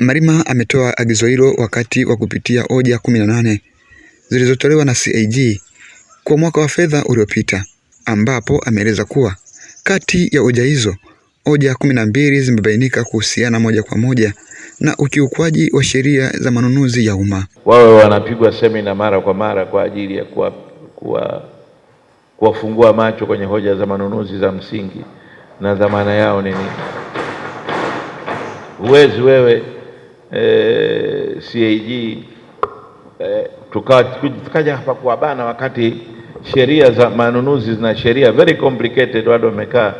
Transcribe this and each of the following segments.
marima ametoa agizo hilo wakati wa kupitia hoja 18 zilizotolewa na CAG kwa mwaka wa fedha uliopita, ambapo ameeleza kuwa kati ya hoja hizo hoja kumi na mbili zimebainika kuhusiana moja kwa moja na ukiukwaji wa sheria za manunuzi ya umma. Wawe wanapigwa semina mara kwa mara kwa ajili ya kuwafungua macho kwenye hoja za manunuzi za msingi na dhamana yao ni nini. Huwezi wewe CAG e, e tukaja hapa kuwabana, wakati sheria za manunuzi zina sheria very complicated. Watu wamekaa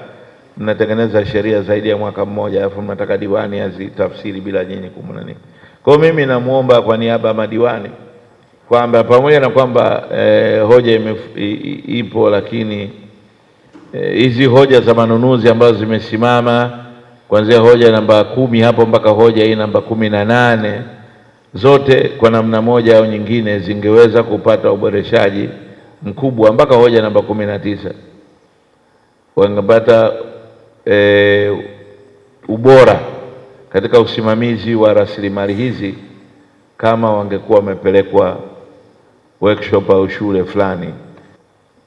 mnatengeneza sheria zaidi ya mwaka mmoja, alafu mnataka diwani azitafsiri bila nyinyi kumwona nini. Kwa mimi namwomba kwa niaba ya madiwani kwamba pamoja na kwamba e, hoja imef, i, i, ipo lakini e, hizi e, hoja za manunuzi ambazo zimesimama kuanzia hoja namba kumi hapo mpaka hoja hii namba kumi na nane zote kwa namna moja au nyingine zingeweza kupata uboreshaji mkubwa mpaka hoja namba kumi na tisa wangepata e, ubora katika usimamizi wa rasilimali hizi kama wangekuwa wamepelekwa workshop au shule fulani.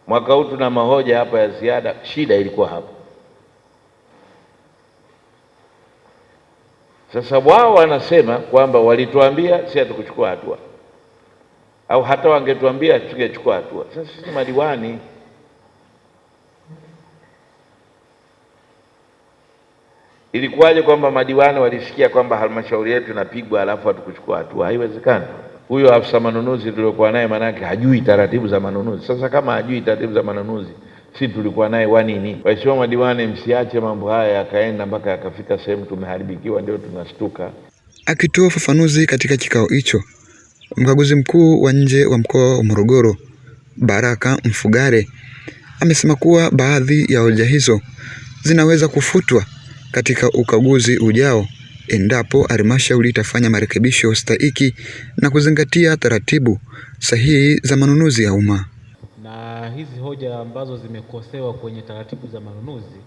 Mwaka huu tuna mahoja hapa ya ziada, shida ilikuwa hapo. Sasa wao wanasema kwamba walituambia, si hatukuchukua hatua, au hata wangetuambia tungechukua hatua. Sasa sisi madiwani Ilikuwaje kwamba madiwani walisikia kwamba halmashauri yetu inapigwa alafu hatukuchukua hatua? Haiwezekani. Huyo afisa manunuzi tuliokuwa naye, maanake hajui taratibu za manunuzi. Sasa kama hajui taratibu za manunuzi si tulikuwa naye wa nini? Waheshimiwa madiwani, msiache mambo haya yakaenda mpaka yakafika sehemu tumeharibikiwa, ndio tunashtuka. Akitoa ufafanuzi katika kikao hicho, mkaguzi mkuu wa nje wa mkoa wa Morogoro Baraka Mfugare amesema kuwa baadhi ya hoja hizo zinaweza kufutwa katika ukaguzi ujao endapo halmashauri itafanya marekebisho stahiki na kuzingatia taratibu sahihi za manunuzi ya umma hizi hoja ambazo zimekosewa kwenye taratibu za manunuzi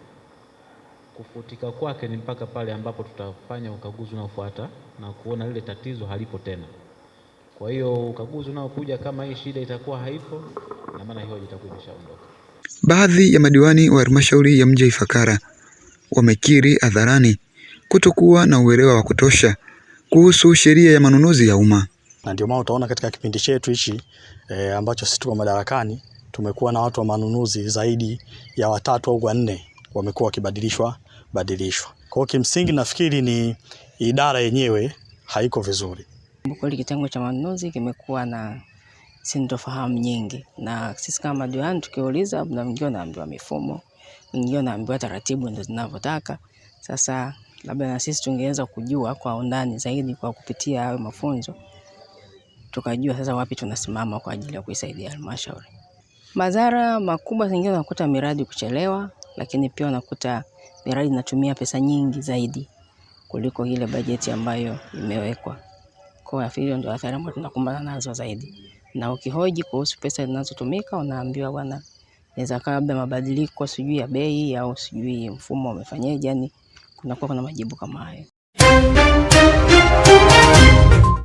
kufutika kwake ni mpaka pale ambapo tutafanya ukaguzi unaofuata na kuona lile tatizo halipo tena. Kwa hiyo ukaguzi unaokuja, kama hii shida itakuwa haipo, na maana hiyo itakuwa imeshaondoka. Baadhi ya madiwani wa halmashauri ya mji wa Ifakara wamekiri hadharani kutokuwa na uelewa wa kutosha kuhusu sheria ya manunuzi ya umma, na ndio maana utaona katika kipindi chetu hichi e, ambacho sisi tuko madarakani tumekuwa na watu wa manunuzi zaidi ya watatu au wanne wamekuwa wakibadilishwa badilishwa. Kwa hiyo kimsingi nafikiri ni idara yenyewe haiko vizuri. Kweli kitengo cha manunuzi kimekuwa na sintofahamu nyingi, na sisi kama diwani tukiuliza, na mwingine anaambiwa mifumo, mwingine anaambiwa taratibu ndio zinavyotaka. Sasa labda na sisi tungeweza kujua kwa undani zaidi kwa kupitia hayo mafunzo, tukajua sasa wapi tunasimama kwa ajili ya kuisaidia halmashauri. Madhara makubwa zingine unakuta miradi kuchelewa, lakini pia unakuta miradi inatumia pesa nyingi zaidi kuliko ile bajeti ambayo imewekwa. Kwa hiyo hiyo ndio athari ambayo tunakumbana nazo zaidi. Na ukihoji kuhusu pesa zinazotumika, unaambiwa bwana inaweza kuwa labda mabadiliko sijui ya bei au sijui mfumo umefanyeje yani kunakuwa kuna majibu kama hayo.